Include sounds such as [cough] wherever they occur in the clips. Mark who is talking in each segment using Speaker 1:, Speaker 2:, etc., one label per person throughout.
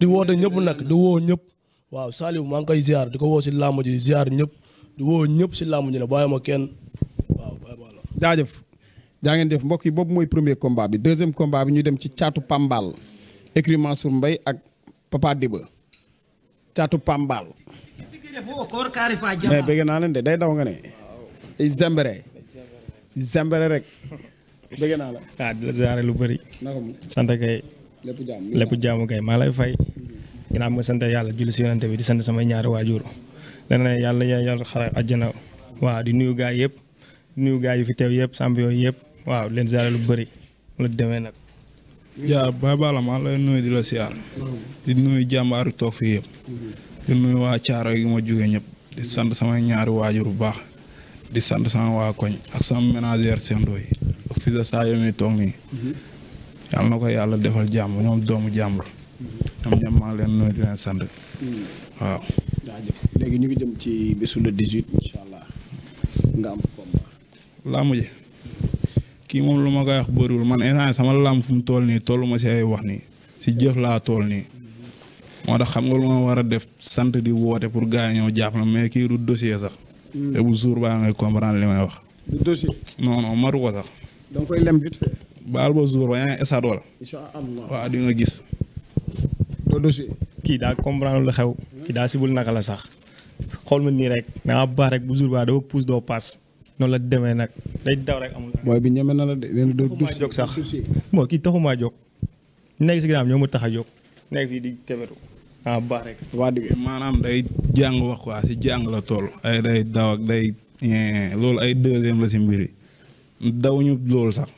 Speaker 1: di woote ñëpp nag di woo ñëpp waaw Saliou maa ngi koy di ko woo si làmb ji ziar ñëpp di woo ñëpp si làmb ji ne bàyyi ma kenn waaw jaajëf jaa ngeen def mbokk yi boobu mooy premier combat bi deuxième combat bi ñu dem ci caatu pambaal écrit Mansour Mbaye ak Papa Diba caatu Pambal. mais bëgg naa leen de day daw nga ne. Zembere. Zembere rek. [laughs] bëgg la.
Speaker 2: Ah, lu bëri. sant kay.
Speaker 1: lépp
Speaker 2: jaamu kay maa lay fay. ginnaaw bi ma sant yàlla julli si yonante bi di sant samay ñaari waajur dana ne yàlla yàlla xara àjjana waaw di nuyu gaay yëpp nuyu gaay yu fi teew yëpp sàmb yooyu yëpp waaw leen ziare lu bari la demee nag. jaa Baye Balla maa lay nuyu di la siyaar
Speaker 3: di nuyu jàmbaaru toog fii yëpp di nuyu waa caaro yi ma jóge ñëpp di sant samay ñaari waajur bu baax di sant sama waa koñ ak sama ménagère sendoo yi ak fii sa saa yoo toog nii yàlla na ko yàlla defal jàmm ñoom doomu jàmbur. ñoom ñoom maa ngi leen nuyu di leen sant. waaw.
Speaker 1: jaajëf léegi ñu ngi jëm ci bésu le
Speaker 3: 18 incha allah am combat. ji kii moom lu ma koy wax bëriwul man instant sama làmb fu tool toll nii tollu ma si ay wax nii si jëf laa tool nii. moo tax xam nga lu ma war a def sant di woote pour gars jàpp na mais kii du dossier sax. Hmm. te bu jour baa ngay comprendre li may wax. du dossier. ko
Speaker 1: sax.
Speaker 2: baal ba jour ba yaa ngi stade waa incha di nga gis. doo kii daa comprendre lu xew. kii daa sibul naka la sax. xool ma nii rek danga baax rek bu jour ba dama pousse doo paas noonu la demee nag day daw rek amul. mooy bi ñeme na la de leen doo moo kii taxumaa jóg. nekk si ginnaaw ñoo tax a jóg nekk di kebetu
Speaker 3: ah rek. waa digg maanaam day jàng wax quoi si jàng la toll. ay day daw day eh, loolu ay deuxième la si mbir yi dawuñu loolu sax.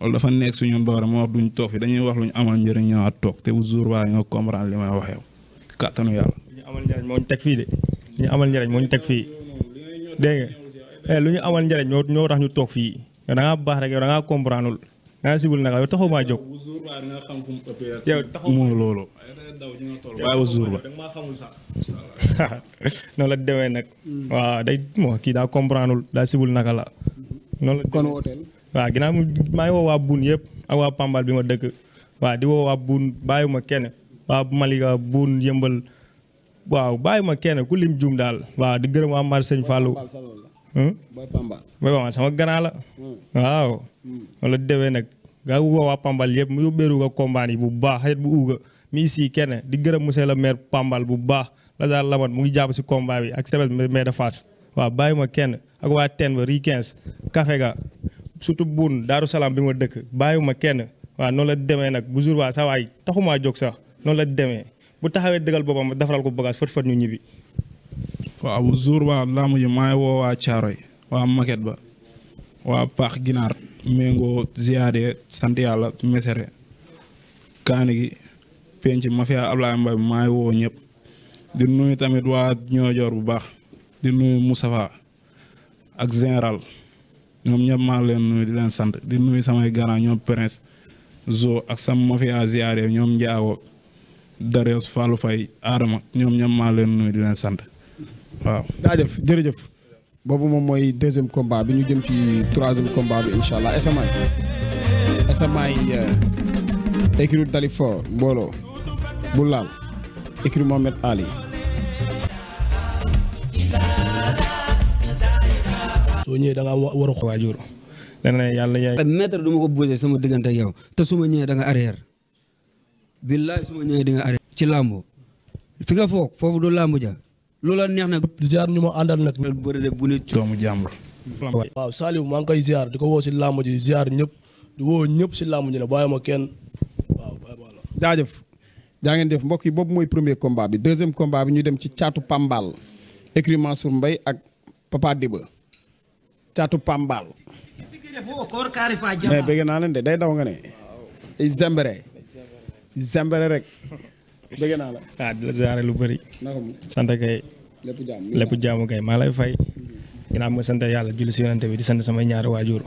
Speaker 3: loolu dafa nekk suñu doore moo wax duñ toog fi dañuy wax lu ñu amal njëriñ ñëwaat toog te bu jour waa nga
Speaker 2: comprendre li may wax yow kàttanu yàlla. ñu amal njëriñ moo ñu teg fii de ñu amal njëriñ moo teg fii dégg eh, lu ñu amal njëriñ ñoo ñoo tax ñu toog fii da ngaa baax rek yow da ngaa comprendre naa sibul nag yow taxaw maa jóg.
Speaker 3: yow taxaw moo loolu.
Speaker 2: waaye wu jour [laughs] la demee nag. Mm. waaw day kii daa comprendre daa sibul naka la. Mm-hmm. waaw ginnaaw maa ngi waa buun yëpp ak waa Pambal bi ma dëkk waaw di woo waa buun bàyyiwuma kenn waa Malika buun yëmbal waaw bàyyiwuma kenn ku lim juum daal waaw di gërëm waa Mar Sëñ Fallou. Hmm? booy Pambal sama gannaaw la. Hmm. waaw. wala hmm. déwee nag nga woo waa Pambal yëpp mu yóbbeeru ko combat yi bu baax xarit bu uuga mi si kenn di gërëm monsieur le maire Pambal bu baax Lazare Lamane mu ngi jàpp si combat ak sebet maire de Fass waaw kenn ak waa Tenba Rikens Café ga surtout buun Daaru Salaam bi ma dëkk bàyyiwuma kenn waaw noonu la demee nag bu jour waa sa waay taxumaa jóg sax noonu la demee bu taxawee dëggal boppam defaral ko bagage fët fët ñu ñibbi. waaw bu jour
Speaker 3: waa laamu ji maa woo waa Caaroy waa Maket ba waa Paax Ginaar Mengo ziyaade sant yàlla kaani gi penc mafia Ablaye Mbaye maa ngi woo ñëpp di nuyu tamit waa ñoojoor bu baax di nuyu Moustapha ak général ñoom ñëpp maa leen nuyu di leen sant di nuyu samay garant ñoom prince zo ak sama mafia ziare ñoom njaawo Darius Fallou Faye Adama ñoom ñëpp maa leen nuyu di leen sant waaw. jaajëf jërëjëf boobu moom mooy deuxième combat bi ñu jëm ci troisième combat bi incha allah SMA
Speaker 1: yi SMA euh, Dalifor mbooloo
Speaker 2: bu laal écurie Mohamed Ali. soo ñëwee da ngaa war a waajur dana yàlla yaay mètre du ma ko bougé sama diggante ak te su ma ñëwee danga nga arrière billaay su ma ñëwee di
Speaker 1: nga ci làmb fi nga foog foofu du làmb ja loola neex na ziar ñu ma àndal nag bërëde bu ne doomu jàmbur waaw Saliou maa ngi koy ziar di ko woo si làmb ji ziar ñëpp di ñëpp si làmb ji ne bàyyi ma kenn waaw jaajëf jaa ngeen def mbokk yi boobu mooy premier combat bi deuxième combat bi ñu dem ci caatu Pambal écurie Mansour Mbaye ak Papa Diba caatu Pambal. mais bëgg naa leen de day daw nga ne. Zembere. Zembere rek.
Speaker 2: bëgg naa la. ah di la ziare lu bëri. sant kay. lépp jaamu kay maa lay fay. ginnaaw ma sant yàlla julli si yonante bi di sant samay ñaari waajur.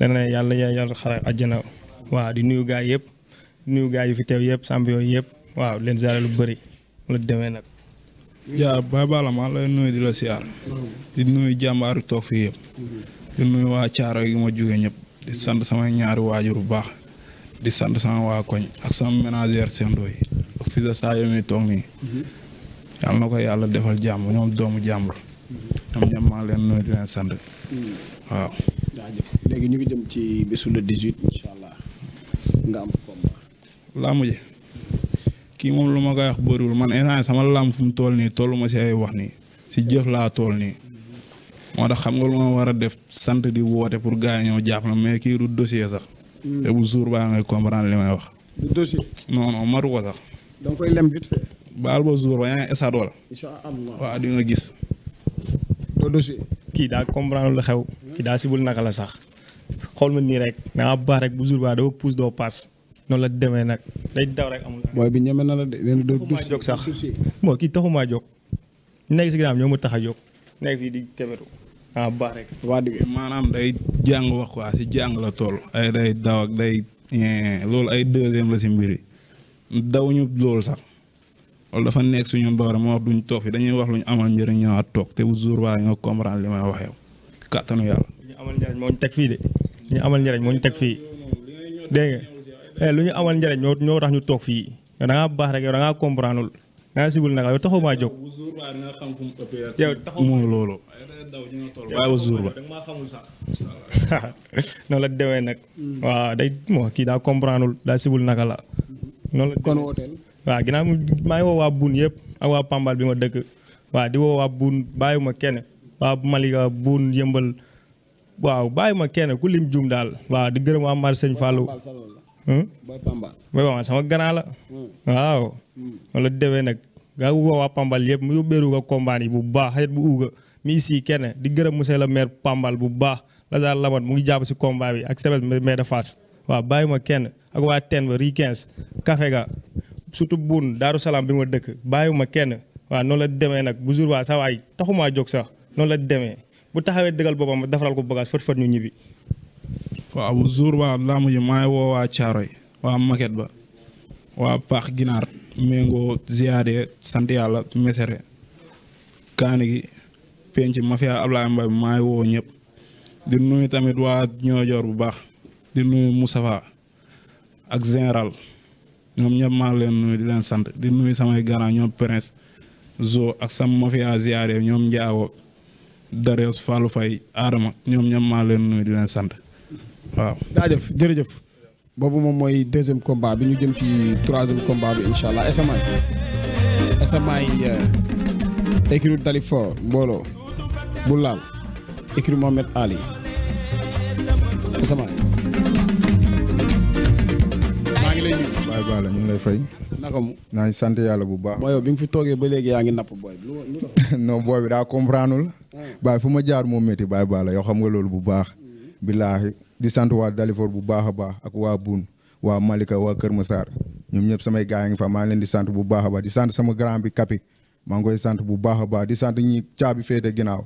Speaker 2: leneen yàlla yàlla xara àjjana. waaw di nuyu gaay yëpp. nuyu gaay yu fi teew yëpp champion yëpp. waaw leen ziare lu bëri. lu demee nag. jaa baa Balla maa lay nuyu di la siyaar
Speaker 3: di nuyu jàmbaaru toog fii yëpp di nuyu waa caaro yi ma jóge ñëpp di sant sama ñaari waajur bu baax di sant sama waa koñ ak sama ménagère sendoo yi ak fii sa saa yooyu toog nii yàlla na ko yàlla defal jàmm ñoom doomu jàmbur ñoom ñam maa leen nuyu di leen sant waaw léegi
Speaker 1: ñu ngi jëm ci bésu le 18 incha allah
Speaker 3: nga laa mujj kii moom lu ma koy wax bëriwul man instant sama làmb fu mu nii tollu ma si ay wax nii si jëf laa toll nii. moo tax xam nga lu ma war a def sant di woote pour gars yi ñëw na mais kii du dossier sax. Hmm. te bu jour wax. du dossier. non non maru ko sax.
Speaker 2: baal ba jour ba yaa ngi esaat wala.
Speaker 1: incha allah
Speaker 2: waaw di nga gis. doo dossier. kii daa comprendre lu xew. kii daa sibul naka la sax. xool ma nii rek. da baax rek bu jour baa doo pousse doo passe. noonu la demee nag day daw rek amul. mooy bi ñeme na la de leen doo dur jóg sax si ginnaaw ñoo ma tax a jóg nekk di
Speaker 3: kebetu ah baax rek. waa dëgg maanaam day jàng wax quoi si jàng la toll ay day daw ak day eh, loolu ay deuxième la si mbiri daw ñu loolu sax loolu dafa nekk suñu mbooloo ma wax duñ toog fi dañuy wax luñ ñu amal njëriñ ñëwaat toog te bu jour
Speaker 2: waa nga comprendre li may wax yow yàlla. moo ñu teg fii Eh, lu ñu amal njariñ ñoo tax ñu toog fii yow da ngaa baax rek yow da ngaa comprendre sibul naka yow [laughs] noonu la demee nag. waaw day moo kii daa comprendre daa sibul naka la. noonu la kon hôtel. waaw ginnaaw maa ngi Buun yëpp ak waa Pambal bi ma dëkk waaw di woo Buun bàyyiwuma kenn waa Malika Buun yëmbal waaw bàyyiwuma kenn ku lim juum daal waaw di gërëm waa Mar Sëñ Hmm? Boy Pambal. Boy Pambal sama grand la. Hmm. waaw. Hmm. wala déwee nag gaa wu ko waa Pambal yëpp mu yóbbeeru ko combat yi bu baax xarit bu uuga mi si kenn di gërëm monsieur le maire Pambal bu baax Lazare Lamane mu ngi jàpp si combat bi ak sebet maire de Fass waaw bàyyi ma kenn ak waa ten ba Rikens Café ga surtout buun Daaru Salaam bi ma dëkk bàyyi ma kenn waaw noonu la demee nag bu jour waa sa waay taxumaa jóg sax noonu la demee bu taxawee dëggal boppam defaral ko bagage fët fët waaw bu jour
Speaker 3: ba laamu ji maa woo waa Caaroy waa Maket ba waa Paax Ginaar Mengo ziyaade sant yàlla mesere kaani gi penc mafia Ablaye Mbaye maa ngi woo ñëpp di nuyu tamit waa ñoojoor bu baax di nuyu Moustapha ak général ñoom ñëpp maa leen nuyu di leen sant di nuyu samay garant ñoom prince zo ak sam mafia ziyaade ñoom njaawo Darius Fallou Faye Adama ñoom ñëpp maa leen nuyu di leen sant waaw jaajëf jërëjëf boobu moom mooy deuxième combat bi ñu jëm ti troisième combat bi incha allah
Speaker 1: SMA yi SMA euh, yi mbooloo bu laal écurie Mohamed Ali SMA maa ngi lay lay fay. naka mu naa ngi sant yàlla bu baax. mooy yow bi nga fi toogee ba léegi yaa ngi napp booy bi lu [laughs] non booy bi daa comprendre ah. baay fu ma jaar moo métti baay baax la xam nga loolu bu baax. Mm-hmm. billaahi. di sant waa Dalifort bu baax a baax ak waa Boune waa Malika waa Kër Massar ñoom ñëpp samay gaay ngi fa maa leen di sant
Speaker 2: bu baax a di sant sama grand bi Kapi maa ngi koy sant bu baax a baax di sant ñi caabi féete ginaaw